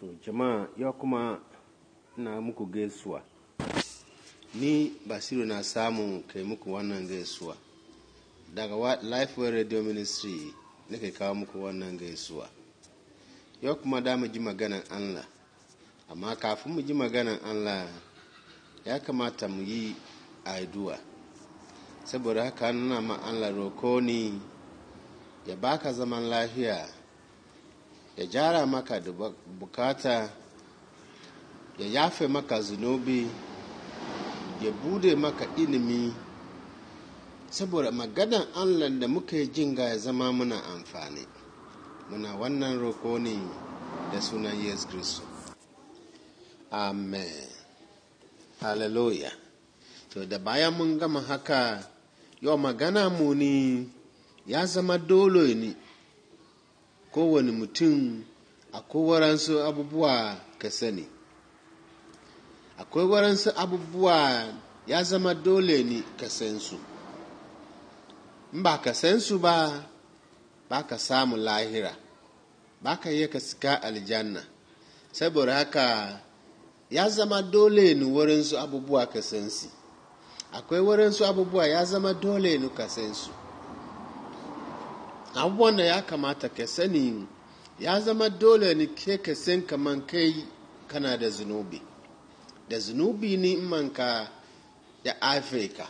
To jama'a ya kuma na muku gaisuwa. Ni Basiru na samu kai muku wannan gaisuwa. Daga Lifeway Radio Ministry nake kawo muku wannan gaisuwa. Ya kuma da mu ji maganan Allah. Amma kafin mu ji maganan Allah ya kamata mu yi aiduwa, Saboda haka nuna ma Allah roko ne ya baka zaman lafiya. ya jara maka da bukata ya yafe maka zunubi ya bude maka ilimi saboda maganan allah da muka jin ga ya zama muna amfani muna wannan roko ne da sunan yesu kristo amen hallelujah to da bayan mun gama haka yau magana mu ne ya zama dole ne kowane mutum akwai waransu abubuwa ka sani akwai waransu abubuwa ya zama dole ne ka san su in ba ka san su ba ba ka samu lahira ba ka yi ka sika aljanna saboda haka ya zama dole ne waransu abubuwa ka san su akwai waransu abubuwa ya zama dole ne ka san su abubuwan da ya kamata ka sani ya zama dole ne ke ka san kaman kai kana da zunubi da zunubi ne manka ya afirka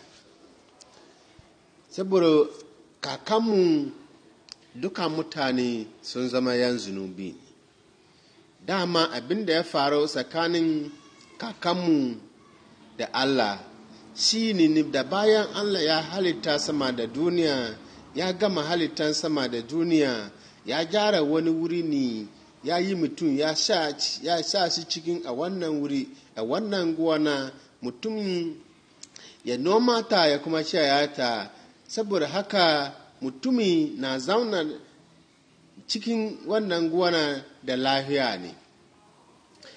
saboda kakanmu duka mutane sun zama yan zunubi dama abin da ya faru tsakanin kakanmu da allah shi ne da bayan allah ya halitta sama da duniya ya gama halittan sama da duniya ya gyara wani wuri ne ya yi mutum ya sa shi cikin a wannan wuri a wannan gona mutum ya noma ta ya kuma shaya ta saboda haka mutumi na zauna cikin wannan gona da lahiya ne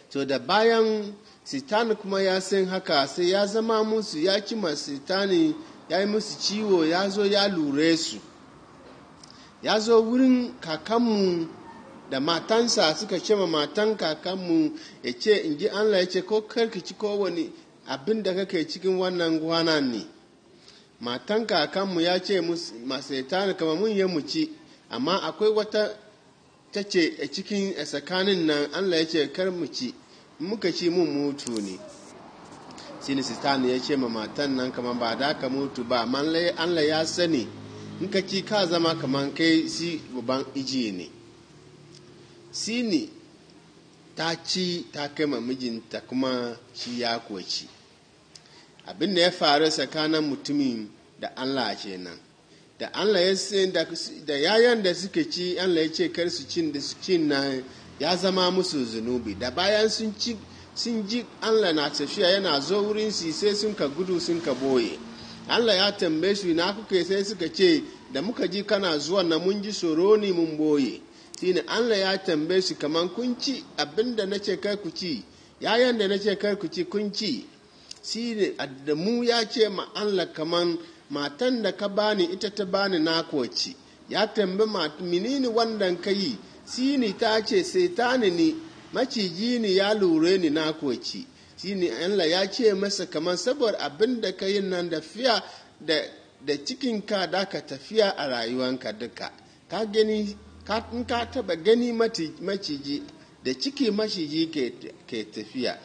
to da bayan sitani kuma ya san haka sai ya zama musu ya kima sitani ya yi musu ciwo ya zo ya lure su ya zo wurin kakanmu da matansa suka ce ma matan kakanmu ya ce in ji Allah ya ce ko karki ci kowane abin da kake cikin wannan gwana ne matan kakanmu ya ce masu kama mun yi mu ci amma akwai wata ta ce a cikin a tsakanin nan Allah ya ce kar mu ci muka ci mun mutu ne shi ya ce ma matan nan kama ba da ka mutu ba amma Allah ya sani in ka ci ka zama kamar kai si babban ijiye ne si ta ci ta kai mijinta kuma shi ya kuwa ci abin da ya faru tsakanin mutumin da allah nan da allah ya da yayan da suka ci allah ya ce kar su cin da su cin na ya zama musu zunubi da bayan sun ji allah na tafiya yana zo wurin su sai sun ka gudu sun ka boye Allah ya tambaye su ina kuke sai suka ce da muka ji kana zuwa na mun ji tsoro ne mun boye shine Allah ya tambaye su kaman kun ci abinda na ce kai ku ci yayan da na ce kai ku ci kun ci shine Adamu ya ce ma Allah kaman matan da ka bani ita ta bani na ci ya tambi menene wannan ka yi sini ta ce sai ne maciji ni ya lure ni na ci ne Allah ya ce masa kamar saboda abin da ka yi nan da fiya da cikinka da ka tafiya a rayuwanka duka ka gani in ka taba gani maciji da ciki maciji ke tafiya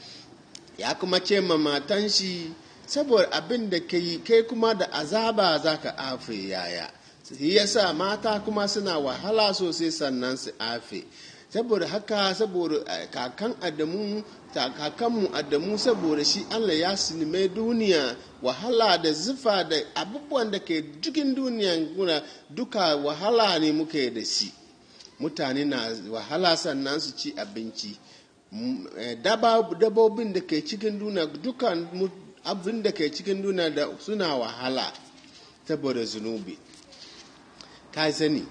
ya kuma ce ma matan shi saboda abin da ka yi kai kuma da azaba za ka afe yaya shi yasa mata kuma suna wahala sosai sannan su afe saboda haka saboda eh, kakan adamu kakanmu adamu saboda shi allah ya sinime duniya wahala da zufa da abubuwan da ke cikin duniya guna duka wahala ne muke da shi mutane na wahala sannan su ci abinci mm, eh, dabobin da ke cikin duniya dukan abin da ke cikin duniya da suna wahala saboda zunubi ka sani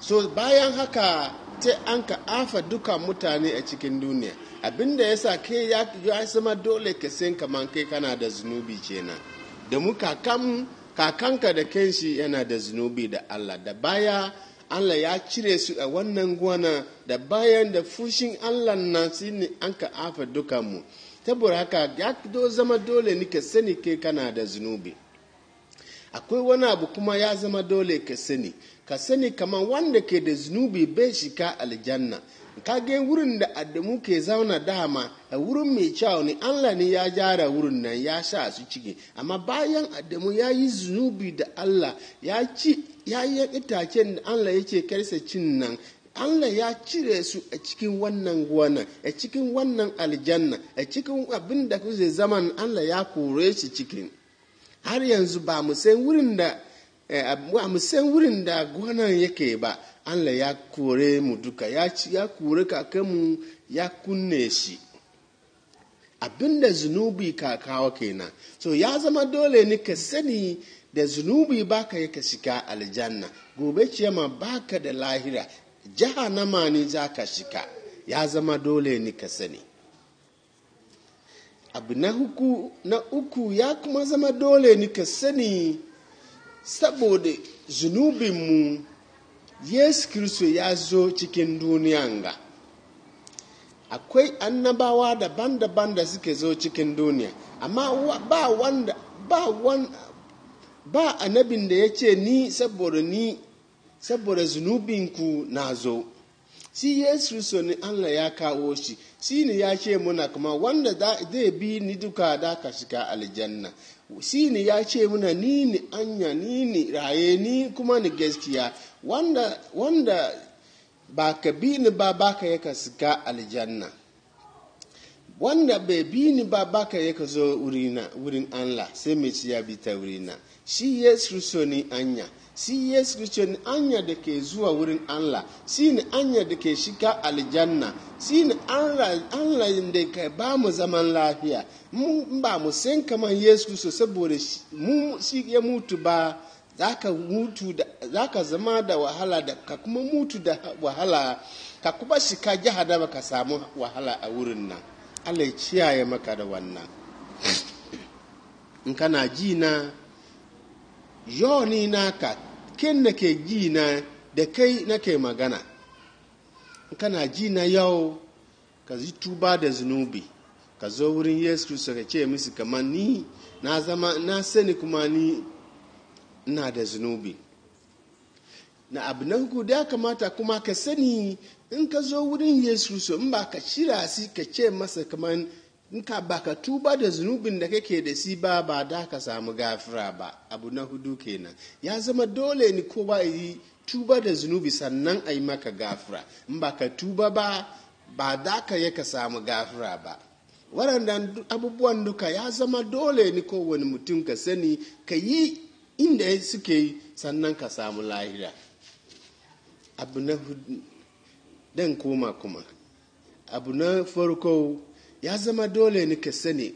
so bayan haka te an ka afa duka mutane a cikin duniya abinda ya sa ke ya zama dole ka sai kamar kai kana da zunubi kenan da mu kakanka da kanshi yana da zunubi da Allah da baya Allah ya cire su a wannan gwana da bayan da fushin Allah nan sini an ka afa duka mu saboda haka ya do zama dole ni ka sani kai kana da zunubi akwai wani abu kuma ya zama dole ka sani ka sani kamar wanda ke da zunubi bai shika aljanna kage wurin da adamu ke zauna dama a wurin mai kyau ne allah ne ya jara wurin nan ya sa su ciki amma bayan adamu ya yi zunubi da allah ya ci yi itacen da allah yake karsa cin nan Allah ya cire su a cikin wannan gwanan, a cikin wannan aljanna, a cikin abin da kuke zaman Allah ya kore shi cikin. Har yanzu ba mu san wurin da Eh, a musayin wurin da gwanan yake ba Allah ya kore mu duka ya kore kakanmu ya kunne shi abinda zunubi ka kawo kenan so ya zama dole ni ka sani da zunubi baka yi ka shiga aljanna gobe ciyama baka da lahira na mani za ka shiga ya zama dole ni ka sani abu na uku ya kuma zama dole ni ka sani saboda zunubinmu yesu kristo ya zo cikin duniyan ga akwai annabawa daban-daban da suke zo cikin duniya amma ba wanda ba wan ba annabin da ya ce ni saboda ni saboda zunubinku na zo si yesu so ne allah ya kawo shi shi ne ya ce muna kuma wanda zai bi ni duka da ka shiga aljanna shine ya ce muna ni ne anya ni ne raye ni kuma ni gaskiya wanda, wanda ba ka bi ni ba baka ya ka shiga aljanna wanda bai bi ni ba baka ya ka zo wurin Allah sai mai ya bi ta wurina shi yesu so ni anya si yesu kristo ne anya da ke zuwa wurin allah shi ne anya da ke shiga aljanna shi ne allah da ke ba mu zaman lafiya mun ba mu san kamar yesu kristo saboda shi ya mutu ba za ka zama da wahala da ka kuma mutu da wahala ka kuma shiga ba ka samu wahala a wurin nan allah ya ciyaye maka da wannan in kana ji na yoni naka ken da ke ji na da kai nake magana kana ji na yau ka ji tuba da zunubi ka zo wurin yesu kristo ka ce musu kamar ni na zama na sani kuma ni na da zunubi na abu nan kamata kuma ka sani in ka zo wurin yesu kristo in ba ka shira si ka ce masa kamar in ka baka tuba da zunubin da kake da si ba ba da ka samu gafira ba abu na hudu kenan ya zama dole ni ba yi tuba da zunubi sannan a yi maka gafira in ba ka tuba ba ba da ka yi ka samu gafira ba waɗannan abubuwan duka ya zama dole ni wani mutum ka sani ka yi inda suke yi sannan ka samu lahira abu na hudu dan koma kuma abu na farko ya zama dole ne ka sani